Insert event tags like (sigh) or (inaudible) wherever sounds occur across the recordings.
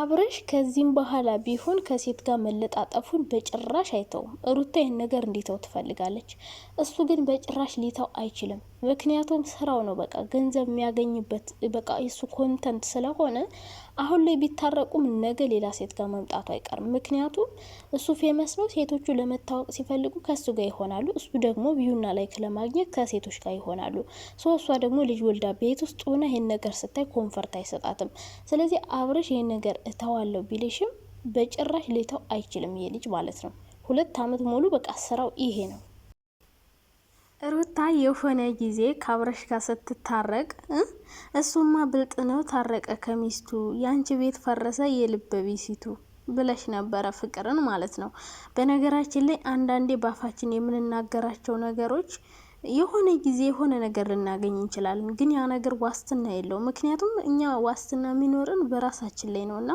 አብረሽ ከዚህም በኋላ ቢሆን ከሴት ጋር መለጣጠፉን በጭራሽ አይተውም። ሩታ ይህን ነገር እንዲተው ትፈልጋለች። እሱ ግን በጭራሽ ሊተው አይችልም። ምክንያቱም ስራው ነው በቃ ገንዘብ የሚያገኝበት በቃ የሱ ኮንተንት ስለሆነ አሁን ላይ ቢታረቁም ነገ ሌላ ሴት ጋር መምጣቱ አይቀርም። ምክንያቱም እሱ ፌመስ ነው። ሴቶቹ ለመታወቅ ሲፈልጉ ከሱ ጋር ይሆናሉ። እሱ ደግሞ ቪዩና ላይክ ለማግኘት ከሴቶች ጋር ይሆናሉ። ሶ እሷ ደግሞ ልጅ ወልዳ ቤት ውስጥ ሆነ ይሄን ነገር ስታይ ኮንፈርት አይሰጣትም። ስለዚህ አብርሽ ይሄን ነገር እተዋለሁ ቢልሽም በጭራሽ ሊተው አይችልም ይሄ ልጅ ማለት ነው። ሁለት አመት ሙሉ በቃ ስራው ይሄ ነው። ሩታ የሆነ ጊዜ ከአብረሽ ጋር ስትታረቅ እሱማ ብልጥ ነው ታረቀ ከሚስቱ የአንቺ ቤት ፈረሰ የልበ ቢሲቱ ብለሽ ነበረ ፍቅርን ማለት ነው። በነገራችን ላይ አንዳንዴ ባፋችን የምንናገራቸው ነገሮች የሆነ ጊዜ የሆነ ነገር ልናገኝ እንችላለን፣ ግን ያ ነገር ዋስትና የለውም። ምክንያቱም እኛ ዋስትና የሚኖርን በራሳችን ላይ ነው እና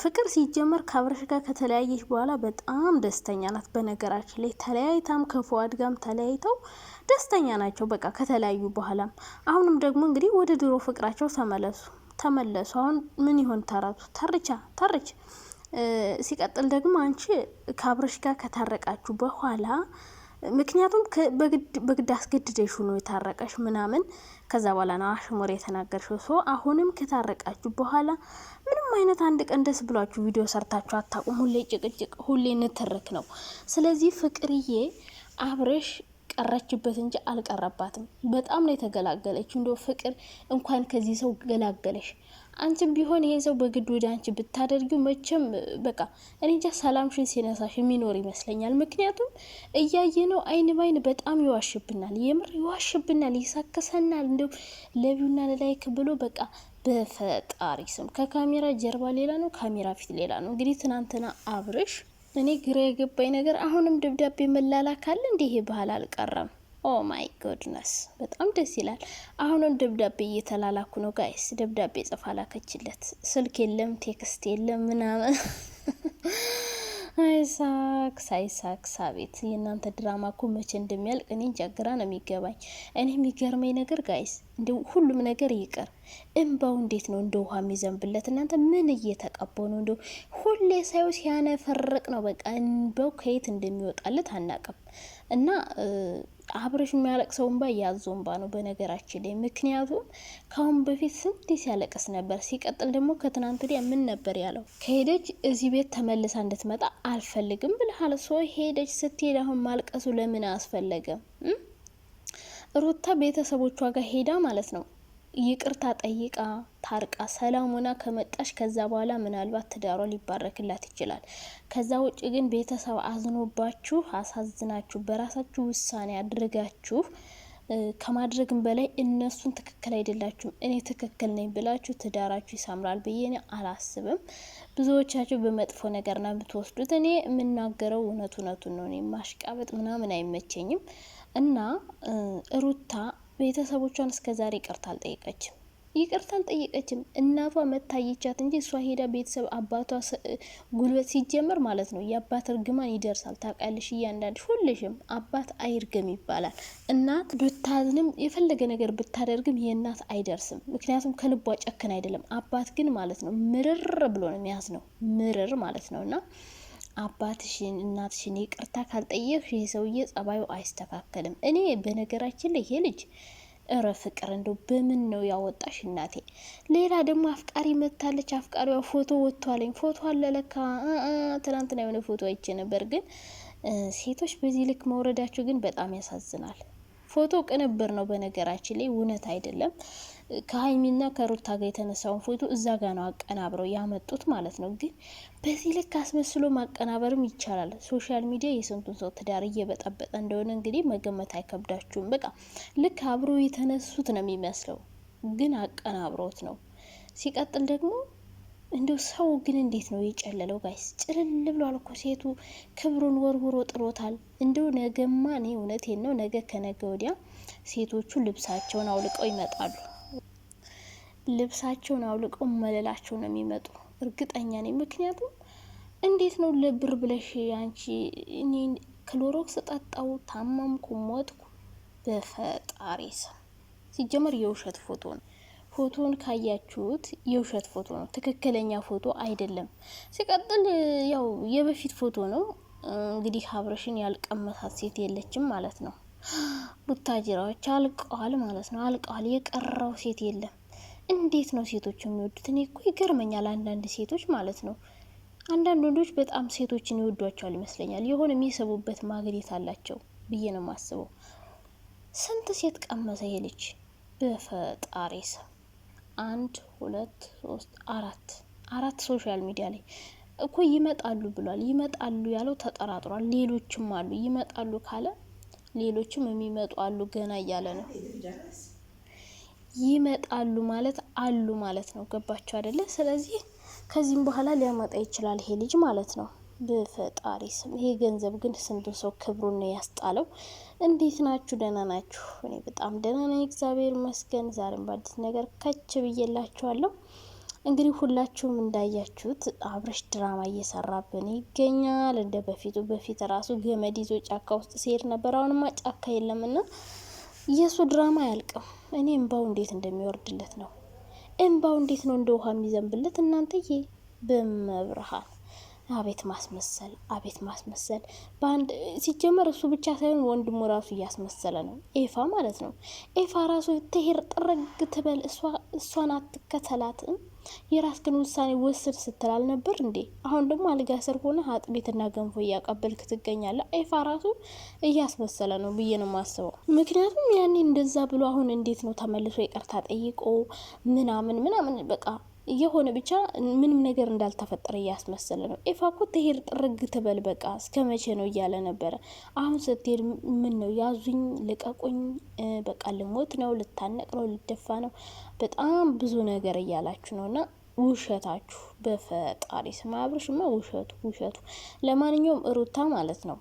ፍቅር ሲጀመር ከአብረሽ ጋር ከተለያየች በኋላ በጣም ደስተኛ ናት። በነገራችን ላይ ተለያይታም ከፉአድ ጋም ተለያይተው ደስተኛ ናቸው። በቃ ከተለያዩ በኋላም አሁንም ደግሞ እንግዲህ ወደ ድሮ ፍቅራቸው ተመለሱ ተመለሱ። አሁን ምን ይሆን ተረቱ? ተርቻ ተርች። ሲቀጥል ደግሞ አንቺ ከአብረሽ ጋር ከታረቃችሁ በኋላ ምክንያቱም በግድ አስገድደሽ ነው የታረቀሽ ምናምን ከዛ በኋላ ነው አሽሙር የተናገርሽው። ሶ አሁንም ከታረቃችሁ በኋላ ምንም አይነት አንድ ቀን ደስ ብሏችሁ ቪዲዮ ሰርታችሁ አታቁም። ሁሌ ጭቅጭቅ፣ ሁሌ ንትርክ ነው። ስለዚህ ፍቅርዬ አብረሽ ቀረችበት እንጂ አልቀረባትም። በጣም ነው የተገላገለች። እንደ ፍቅር እንኳን ከዚህ ሰው ገላገለሽ አንቺም ቢሆን ይሄን ሰው በግድ ወደ አንቺ ብታደርጊው መቼም በቃ እኔ እንጃ ሰላምሽን ሲነሳሽ የሚኖር ይመስለኛል። ምክንያቱም እያየ ነው አይን ባይን በጣም ይዋሽብናል፣ የምር ይዋሽብናል፣ ይሳከሰናል። እንዲሁም ለቪውና ለላይክ ብሎ በቃ በፈጣሪ ስም ከካሜራ ጀርባ ሌላ ነው፣ ካሜራ ፊት ሌላ ነው። እንግዲህ ትናንትና አብርሽ እኔ ግራ የገባኝ ነገር አሁንም ደብዳቤ መላላክ አለ እንዲህ ባህል አልቀረም። ኦ ማይ ጎድነስ በጣም ደስ ይላል። አሁንም ደብዳቤ እየተላላኩ ነው ጋይስ። ደብዳቤ ጽፋ ላከችለት። ስልክ የለም ቴክስት የለም ምናምን አይሳክ ሳይሳክ ሳቤት የእናንተ ድራማ እኮ መቼ እንደሚያልቅ እኔ እንጃ፣ ግራ ነው የሚገባኝ። እኔ የሚገርመኝ ነገር ጋይስ፣ እንደ ሁሉም ነገር ይቅር፣ እምባው እንዴት ነው እንደ ውሃ የሚዘንብለት? እናንተ ምን እየተቀባው ነው? እንደ ሁሌ ሳይው ሲያነፈርቅ ነው። በቃ እንበው ከየት እንደሚወጣለት አናቅም እና አብረሽ የሚያለቅሰው እንባ ያዞ እንባ ነው በነገራችን ላይ። ምክንያቱም ከአሁን በፊት ስንት ሲያለቅስ ነበር። ሲቀጥል ደግሞ ከትናንት ወዲያ ምን ነበር ያለው? ከሄደች እዚህ ቤት ተመልሳ እንድትመጣ አልፈልግም ብልሃል። ሶ ሄደች ስትሄድ አሁን ማልቀሱ ለምን አስፈለገም? ሩታ ቤተሰቦቿ ጋር ሄዳ ማለት ነው ይቅርታ ጠይቃ ታርቃ ሰላም ሆና ከመጣሽ ከዛ በኋላ ምናልባት ትዳሯ ሊባረክላት ይችላል። ከዛ ውጭ ግን ቤተሰብ አዝኖባችሁ አሳዝናችሁ በራሳችሁ ውሳኔ አድርጋችሁ ከማድረግም በላይ እነሱን ትክክል አይደላችሁም፣ እኔ ትክክል ነኝ ብላችሁ ትዳራችሁ ይሰምራል ብዬ እኔ አላስብም። ብዙዎቻችሁ በመጥፎ ና ብትወስዱት እኔ የምናገረው እውነት እውነቱን ነው። እኔ ማሽቃበጥ ምናምን አይመቸኝም እና ሩታ ቤተሰቦቿን እስከ ዛሬ ይቅርታ አልጠየቀችም። ይቅርታ አልጠየቀችም። እናቷ መታየቻት እንጂ እሷ ሄዳ ቤተሰብ አባቷ ጉልበት ሲጀመር ማለት ነው የአባት እርግማን ይደርሳል። ታውቃለሽ፣ እያንዳንድ ሁልሽም አባት አይርግም ይባላል። እናት ብታዝንም የፈለገ ነገር ብታደርግም የእናት አይደርስም። ምክንያቱም ከልቧ ጨክን አይደለም። አባት ግን ማለት ነው ምርር ብሎ ነው የሚያዝ ነው ምርር ማለት ነው እና አባትሽን እናትሽን ይቅርታ ካልጠየቅሽ ይህ ሰውዬ ጸባዩ አይስተካከልም። እኔ በነገራችን ላይ ይሄ ልጅ እረ ፍቅር እንደው በምን ነው ያወጣሽ እናቴ። ሌላ ደግሞ አፍቃሪ መታለች። አፍቃሪዋ ፎቶ ወጥቷለኝ ፎቶ አለለካ ትናንትና የሆነ ፎቶ አይቼ ነበር። ግን ሴቶች በዚህ ልክ መውረዳቸው ግን በጣም ያሳዝናል። ፎቶ ቅንብር ነው በነገራችን ላይ እውነት አይደለም። ከሀይሚና ከሩታ ጋር የተነሳውን ፎቶ እዛ ጋ ነው አቀናብረው ያመጡት ማለት ነው። ግን በዚህ ልክ አስመስሎ ማቀናበርም ይቻላል። ሶሻል ሚዲያ የስንቱን ሰው ትዳር እየበጠበጠ እንደሆነ እንግዲህ መገመት አይከብዳችሁም። በቃ ልክ አብሮ የተነሱት ነው የሚመስለው፣ ግን አቀናብሮት ነው። ሲቀጥል ደግሞ እንደው ሰው ግን እንዴት ነው የጨለለው? ጋይስ ጭልል ብሏል እኮ ሴቱ ክብሩን ወርውሮ ጥሎታል። እንደው ነገማ እኔ እውነቴን ነው ነገ ከነገ ወዲያ ሴቶቹ ልብሳቸውን አውልቀው ይመጣሉ። ልብሳቸውን አውልቀው መለላቸው ነው የሚመጡ እርግጠኛ ነኝ። ምክንያቱም እንዴት ነው ለብር ብለሽ አንቺ እኔ ክሎሮክስ ጠጣው ታመምኩ፣ ሞትኩ በፈጣሪ ስም። ሲጀመር የውሸት ፎቶ ነው። ፎቶን ካያችሁት የውሸት ፎቶ ነው፣ ትክክለኛ ፎቶ አይደለም። ሲቀጥል ያው የበፊት ፎቶ ነው። እንግዲህ አብረሽን ያልቀመሳት ሴት የለችም ማለት ነው። (gasps) ቡታጅራዎች አልቀዋል ማለት ነው። አልቀዋል፣ የቀረው ሴት የለም። እንዴት ነው ሴቶች የሚወዱት? እኔ እኮ ይገርመኛል። አንዳንድ ሴቶች ማለት ነው አንዳንድ ወንዶች በጣም ሴቶችን ይወዷቸዋል ይመስለኛል። የሆነ የሚስቡበት ማግኘት አላቸው ብዬ ነው የማስበው። ስንት ሴት ቀመሰ ይሄ ልጅ በፈጣሪ ስም! አንድ ሁለት ሶስት አራት አራት ሶሻል ሚዲያ ላይ እኮ ይመጣሉ ብሏል። ይመጣሉ ያለው ተጠራጥሯል። ሌሎችም አሉ ይመጣሉ ካለ ሌሎችም የሚመጡ አሉ ገና እያለ ነው ይመጣሉ ማለት አሉ ማለት ነው። ገባቸው አደለ? ስለዚህ ከዚህም በኋላ ሊያመጣ ይችላል ይሄ ልጅ ማለት ነው። በፈጣሪ ስም ይሄ ገንዘብ ግን ስንቱ ሰው ክብሩን ነው ያስጣለው። እንዴት ናችሁ? ደህና ናችሁ? እኔ በጣም ደህና ነኝ፣ እግዚአብሔር ይመስገን። ዛሬም በአዲስ ነገር ከች ብዬላችኋለሁ። እንግዲህ ሁላችሁም እንዳያችሁት አብረሽ ድራማ እየሰራብን ይገኛል። እንደ በፊቱ በፊት ራሱ ገመድ ይዞ ጫካ ውስጥ ሲሄድ ነበር፣ አሁንማ ጫካ የለምና የእሱ ድራማ አያልቅም። እኔ እምባው እንዴት እንደሚወርድለት ነው እምባው እንዴት ነው እንደ ውሃ የሚዘንብለት እናንተዬ። በመብርሃን አቤት ማስመሰል፣ አቤት ማስመሰል። በአንድ ሲጀመር እሱ ብቻ ሳይሆን ወንድሙ ራሱ እያስመሰለ ነው፣ ኤፋ ማለት ነው። ኤፋ ራሱ ትሄር ጥረግ ትበል፣ እሷን አትከተላትም። የራስክን ውሳኔ ወስን ስትል አልነበር እንዴ? አሁን ደግሞ አልጋ ስር ሆነ ቤትና ገንፎ እያቀበልክ ትገኛለህ። አይፋ ራሱ እያስመሰለ ነው ብዬ ነው የማስበው። ምክንያቱም ያኔ እንደዛ ብሎ አሁን እንዴት ነው ተመልሶ ይቅርታ ጠይቆ ምናምን ምናምን በቃ የሆነ ብቻ ምንም ነገር እንዳልተፈጠረ እያስመሰለ ነው። ኤፋ እኮ ትሄድ ጥርግ ትበል በቃ እስከ መቼ ነው እያለ ነበረ። አሁን ስትሄድ ምን ነው ያዙኝ፣ ልቀቁኝ፣ በቃ ልሞት ነው፣ ልታነቅ ነው፣ ልደፋ ነው፣ በጣም ብዙ ነገር እያላችሁ ነው እና ውሸታችሁ በፈጣሪ ስም አብርሽማ፣ ውሸቱ ውሸቱ። ለማንኛውም ሩታ ማለት ነው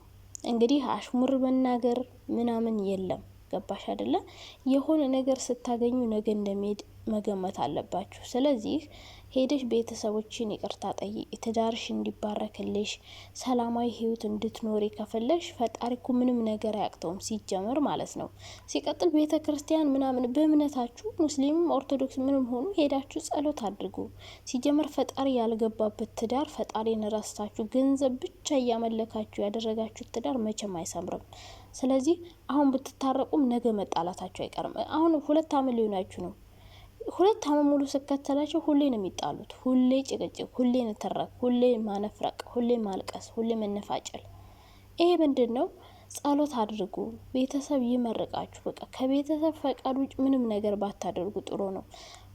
እንግዲህ አሽሙር መናገር ምናምን የለም። ገባሽ አይደለ? የሆነ ነገር ስታገኙ ነገ እንደሚሄድ መገመት አለባችሁ። ስለዚህ ሄደሽ ቤተሰቦችን ይቅርታ ጠይቂ። ትዳርሽ እንዲባረክልሽ ሰላማዊ ህይወት እንድትኖሪ ከፈለሽ ፈጣሪ እኮ ምንም ነገር አያቅተውም ሲጀመር ማለት ነው። ሲቀጥል ቤተ ክርስቲያን ምናምን በእምነታችሁ ሙስሊምም ኦርቶዶክስ ምንም ሆኑ ሄዳችሁ ጸሎት አድርጉ። ሲጀመር ፈጣሪ ያልገባበት ትዳር ፈጣሪን ረስታችሁ ገንዘብ ብቻ እያመለካችሁ ያደረጋችሁት ትዳር መቼም አይሰምርም። ስለዚህ አሁን ብትታረቁም ነገ መጣላታችሁ አይቀርም። አሁን ሁለት አመት ሊሆናችሁ ነው። ሁለት ዓመት ሙሉ ስከተላቸው ሁሌ ነው የሚጣሉት። ሁሌ ጭቅጭቅ፣ ሁሌ ንትረክ፣ ሁሌ ማነፍረቅ፣ ሁሌ ማልቀስ፣ ሁሌ መነፋጨል። ይሄ ምንድን ነው? ጸሎት አድርጉ። ቤተሰብ ይመርቃችሁ። በቃ ከቤተሰብ ፈቃድ ውጭ ምንም ነገር ባታደርጉ ጥሩ ነው።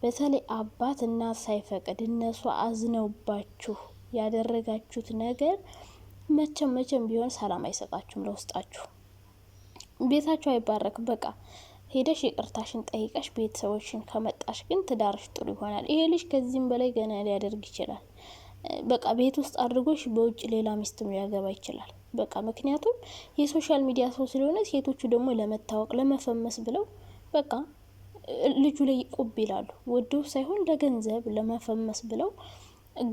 በተለይ አባት እናት ሳይፈቅድ እነሱ አዝነውባችሁ ያደረጋችሁት ነገር መቼም መቼም ቢሆን ሰላም አይሰጣችሁም። ለውስጣችሁ ቤታችሁ አይባረክም። በቃ ሄደሽ ይቅርታሽን ጠይቀሽ ቤተሰቦችን ከመጣሽ ግን ትዳርሽ ጥሩ ይሆናል። ይሄ ልጅ ከዚህም በላይ ገና ሊያደርግ ይችላል። በቃ ቤት ውስጥ አድርጎሽ በውጭ ሌላ ሚስትም ሊያገባ ይችላል። በቃ ምክንያቱም የሶሻል ሚዲያ ሰው ስለሆነ ሴቶቹ ደግሞ ለመታወቅ ለመፈመስ ብለው በቃ ልጁ ላይ ቁብ ይላሉ። ወደው ሳይሆን ለገንዘብ ለመፈመስ ብለው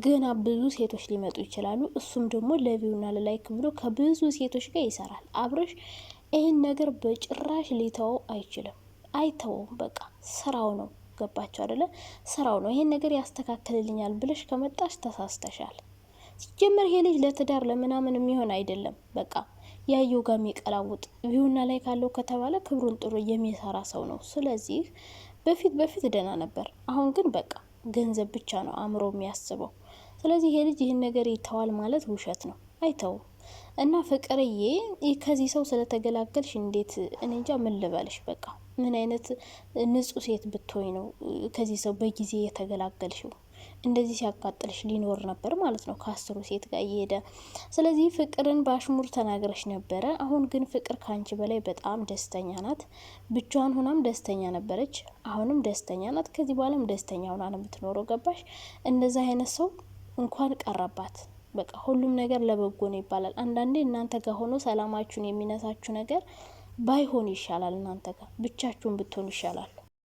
ገና ብዙ ሴቶች ሊመጡ ይችላሉ። እሱም ደግሞ ለቪውና ለላይክ ብሎ ከብዙ ሴቶች ጋር ይሰራል አብረሽ ይህን ነገር በጭራሽ ሊተው አይችልም። አይተውም በቃ ስራው ነው። ገባቸው አደለ? ስራው ነው። ይህን ነገር ያስተካክልልኛል ብለሽ ከመጣሽ ተሳስተሻል። ሲጀመር ይሄ ልጅ ለትዳር ለምናምን የሚሆን አይደለም። በቃ ያየው ጋር የሚቀላውጥ ቪውና ላይ ካለው ከተባለ ክብሩን ጥሩ የሚሰራ ሰው ነው። ስለዚህ በፊት በፊት ደህና ነበር። አሁን ግን በቃ ገንዘብ ብቻ ነው አእምሮ የሚያስበው። ስለዚህ ይሄ ልጅ ይህን ነገር ይተዋል ማለት ውሸት ነው። አይተውም። እና ፍቅርዬ ከዚህ ሰው ስለተገላገልሽ እንዴት እኔ እንጃ ምን ልበልሽ። በቃ ምን አይነት ንጹህ ሴት ብትሆኝ ነው ከዚህ ሰው በጊዜ የተገላገልሽው? እንደዚህ ሲያቃጥልሽ ሊኖር ነበር ማለት ነው ከአስሩ ሴት ጋር እየሄደ። ስለዚህ ፍቅርን በአሽሙር ተናግረሽ ነበረ። አሁን ግን ፍቅር ከአንቺ በላይ በጣም ደስተኛ ናት። ብቻዋን ሁናም ደስተኛ ነበረች፣ አሁንም ደስተኛ ናት። ከዚህ በኋላም ደስተኛ ሆና ነው የምትኖረው። ገባሽ? እንደዚህ አይነት ሰው እንኳን ቀረባት። በቃ ሁሉም ነገር ለበጎ ነው ይባላል። አንዳንዴ እናንተ ጋር ሆኖ ሰላማችሁን የሚነሳችሁ ነገር ባይሆን ይሻላል። እናንተ ጋር ብቻችሁን ብትሆን ይሻላል።